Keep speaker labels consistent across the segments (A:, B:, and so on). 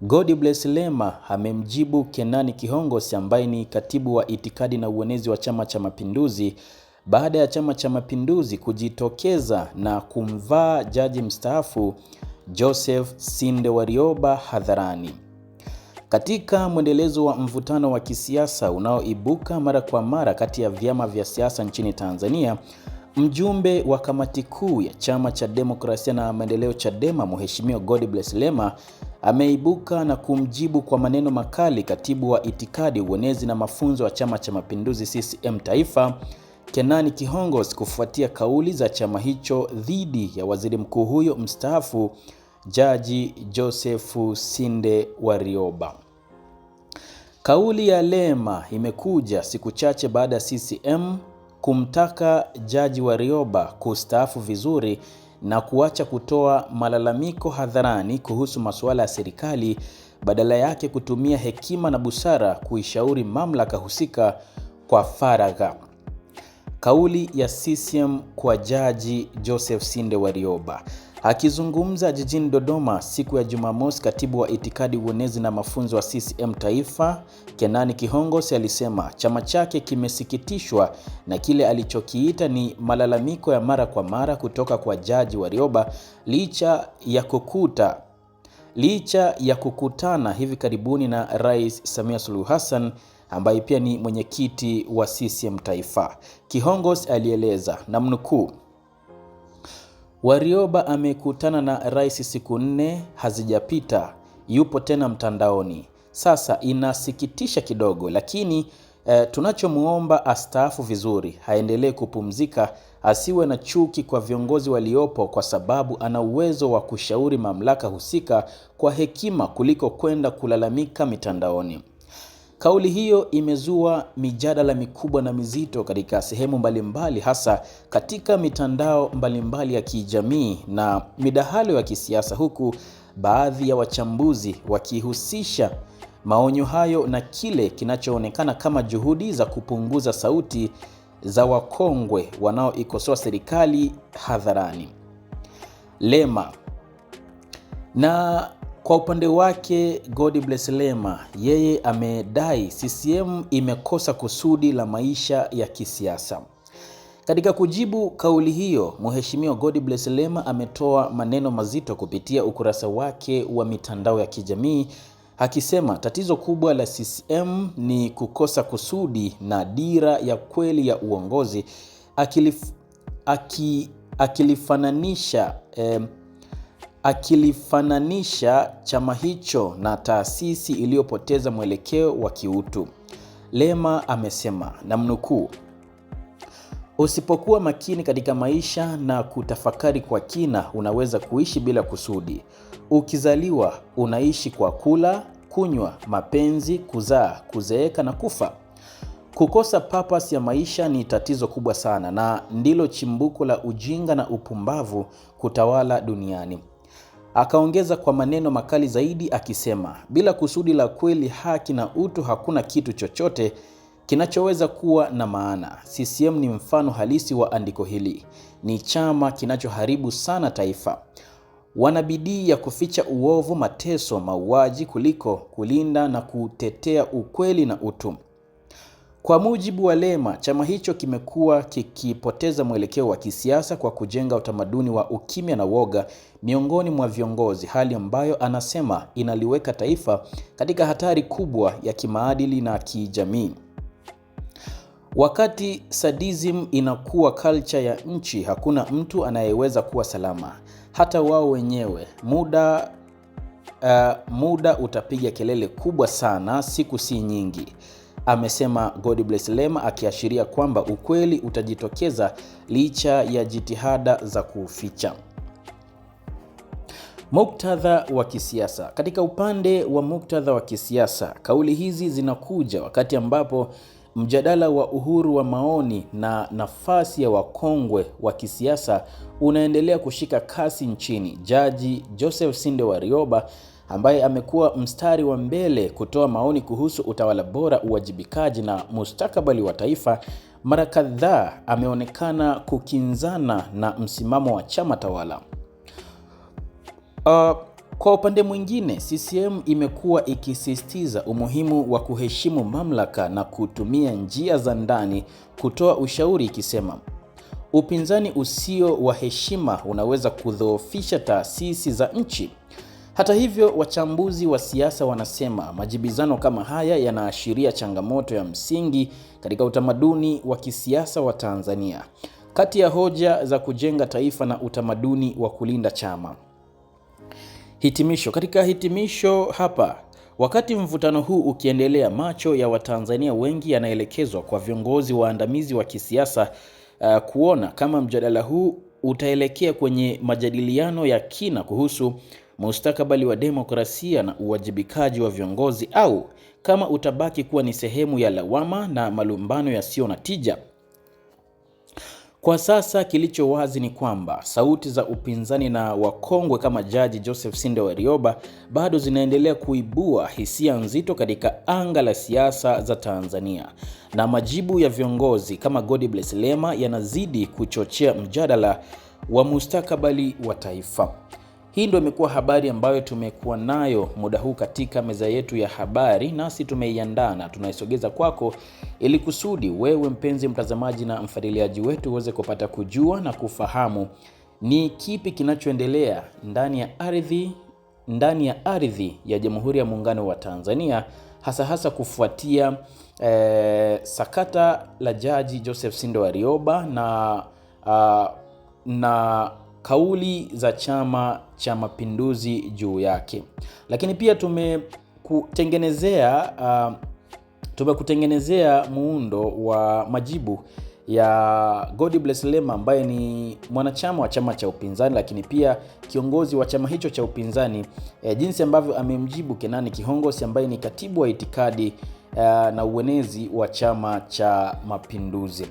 A: bless Lema amemjibu Kenani Kihongosi ambaye ni katibu wa itikadi na uenezi wa Chama cha Mapinduzi baada ya Chama cha Mapinduzi kujitokeza na kumvaa jaji mstaafu Joseph Sinde Warioba hadharani. Katika mwendelezo wa mvutano wa kisiasa unaoibuka mara kwa mara kati ya vyama vya siasa nchini Tanzania, mjumbe wa kamati kuu ya Chama cha Demokrasia na Maendeleo, Chadema, Mheshimiwa bless Lema ameibuka na kumjibu kwa maneno makali katibu wa itikadi, uenezi na mafunzo wa Chama cha Mapinduzi CCM Taifa, Kenani Kihongos kufuatia kauli za chama hicho dhidi ya waziri mkuu huyo mstaafu Jaji Josefu Sinde Warioba. Kauli ya Lema imekuja siku chache baada ya CCM kumtaka Jaji Warioba kustaafu vizuri na kuacha kutoa malalamiko hadharani kuhusu masuala ya serikali, badala yake kutumia hekima na busara kuishauri mamlaka husika kwa faragha. Kauli ya CCM kwa Jaji Joseph Sinde Warioba Akizungumza jijini Dodoma siku ya Jumamosi, katibu wa itikadi, uenezi na mafunzo wa CCM Taifa, Kenani Kihongosi alisema chama chake kimesikitishwa na kile alichokiita ni malalamiko ya mara kwa mara kutoka kwa Jaji Warioba licha ya kukuta licha ya kukutana hivi karibuni na Rais Samia Suluhu Hassan ambaye pia ni mwenyekiti wa CCM Taifa. Kihongosi alieleza namnukuu
B: Warioba amekutana na rais siku nne hazijapita, yupo tena mtandaoni. Sasa inasikitisha kidogo, lakini e, eh, tunachomwomba astaafu vizuri, aendelee kupumzika, asiwe na chuki kwa viongozi waliopo, kwa sababu ana uwezo wa kushauri mamlaka husika kwa hekima kuliko kwenda kulalamika mitandaoni. Kauli hiyo imezua mijadala mikubwa na mizito katika sehemu mbalimbali, hasa katika mitandao mbalimbali ya kijamii na midahalo ya kisiasa, huku baadhi ya wachambuzi wakihusisha maonyo hayo na kile kinachoonekana kama juhudi za kupunguza sauti za wakongwe wanaoikosoa serikali hadharani.
C: Lema na kwa upande wake bless Lema yeye amedai CCM imekosa kusudi la maisha ya kisiasa. Katika kujibu kauli hiyo, Mheshimiwa bless Lema ametoa maneno mazito kupitia ukurasa wake wa mitandao ya kijamii akisema tatizo kubwa la CCM ni kukosa kusudi na dira ya kweli ya uongozi akilif, akilifananisha eh, akilifananisha chama hicho na taasisi iliyopoteza mwelekeo wa kiutu. Lema amesema namnukuu, usipokuwa makini katika maisha na kutafakari kwa kina, unaweza kuishi bila kusudi. Ukizaliwa unaishi kwa kula, kunywa, mapenzi, kuzaa, kuzeeka na kufa. Kukosa purpose ya maisha ni tatizo kubwa sana, na ndilo chimbuko la ujinga na upumbavu kutawala duniani. Akaongeza kwa maneno makali zaidi akisema, bila kusudi la kweli, haki na utu, hakuna kitu chochote kinachoweza kuwa na maana. CCM ni mfano halisi wa andiko hili. Ni chama kinachoharibu sana taifa. Wana bidii ya kuficha uovu, mateso, mauaji kuliko kulinda na kutetea ukweli na utu. Kwa mujibu wa Lema, chama hicho kimekuwa kikipoteza mwelekeo wa kisiasa kwa kujenga utamaduni wa ukimya na woga miongoni mwa viongozi, hali ambayo anasema inaliweka taifa katika hatari kubwa ya kimaadili na kijamii. Wakati sadism inakuwa culture ya nchi, hakuna mtu anayeweza kuwa salama, hata wao wenyewe. Muda uh, muda utapiga kelele kubwa sana, siku si nyingi amesema Godbless Lema, akiashiria kwamba ukweli utajitokeza licha ya jitihada za kuuficha. Muktadha wa kisiasa. Katika upande wa muktadha wa kisiasa, kauli hizi zinakuja wakati ambapo mjadala wa uhuru wa maoni na nafasi ya wakongwe wa kisiasa unaendelea kushika kasi nchini. Jaji Joseph Sinde Warioba ambaye amekuwa mstari wa mbele kutoa maoni kuhusu utawala bora, uwajibikaji na mustakabali wa taifa, mara kadhaa ameonekana kukinzana na msimamo wa chama tawala. Uh, kwa upande mwingine CCM imekuwa ikisisitiza umuhimu wa kuheshimu mamlaka na kutumia njia za ndani kutoa ushauri ikisema upinzani usio wa heshima unaweza kudhoofisha taasisi za nchi. Hata hivyo, wachambuzi wa siasa wanasema majibizano kama haya yanaashiria changamoto ya msingi katika utamaduni wa kisiasa wa Tanzania, kati ya hoja za kujenga taifa na utamaduni wa kulinda chama. Hitimisho. Katika hitimisho hapa, wakati mvutano huu ukiendelea, macho ya Watanzania wengi yanaelekezwa kwa viongozi waandamizi wa kisiasa uh, kuona kama mjadala huu utaelekea kwenye majadiliano ya kina kuhusu mustakabali wa demokrasia na uwajibikaji wa viongozi au kama utabaki kuwa ni sehemu ya lawama na malumbano yasiyo na tija. Kwa sasa kilicho wazi ni kwamba sauti za upinzani na wakongwe kama Jaji Joseph Sinde Warioba bado zinaendelea kuibua hisia nzito katika anga la siasa za Tanzania, na majibu ya viongozi kama Godbless Lema yanazidi kuchochea mjadala wa mustakabali wa taifa. Hii ndio imekuwa habari ambayo tumekuwa nayo muda huu katika meza yetu ya habari, nasi tumeiandaa na tunaisogeza kwako ili kusudi wewe mpenzi mtazamaji na mfuatiliaji wetu uweze kupata kujua na kufahamu ni kipi kinachoendelea ndani ya ardhi ndani ya ardhi ya Jamhuri ya Muungano wa Tanzania hasa hasa kufuatia eh, sakata la Jaji Joseph Sindo Warioba na uh, na kauli za Chama cha Mapinduzi juu yake, lakini pia tumekutengenezea uh, tumekutengenezea muundo wa majibu ya God Lema ambaye ni mwanachama wa chama cha upinzani lakini pia kiongozi wa chama hicho cha upinzani e, jinsi ambavyo amemjibu Kenani Kihongosi ambaye ni katibu wa itikadi e, na uenezi wa chama cha Mapinduzi.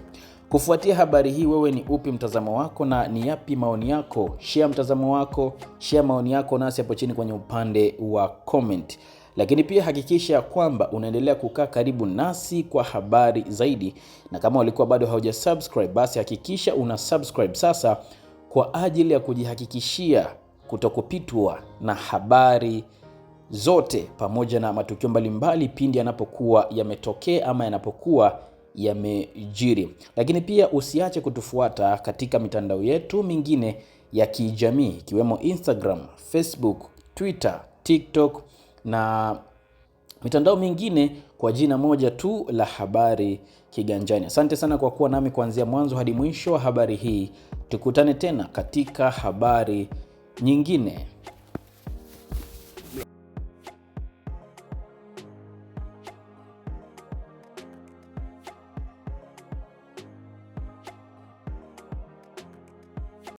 C: Kufuatia habari hii, wewe ni upi mtazamo wako na ni yapi maoni yako? Share mtazamo wako, share maoni yako nasi hapo chini kwenye upande wa comment, lakini pia hakikisha kwamba unaendelea kukaa karibu nasi kwa habari zaidi, na kama ulikuwa bado hauja subscribe, basi hakikisha una subscribe sasa kwa ajili ya kujihakikishia kutokupitwa na habari zote pamoja na matukio mbalimbali pindi yanapokuwa yametokea ama yanapokuwa yamejiri. Lakini pia usiache kutufuata katika mitandao yetu mingine ya kijamii ikiwemo Instagram, Facebook, Twitter, TikTok na mitandao mingine kwa jina moja tu la Habari Kiganjani. Asante sana kwa kuwa nami kuanzia mwanzo hadi mwisho wa habari hii. Tukutane tena katika habari nyingine.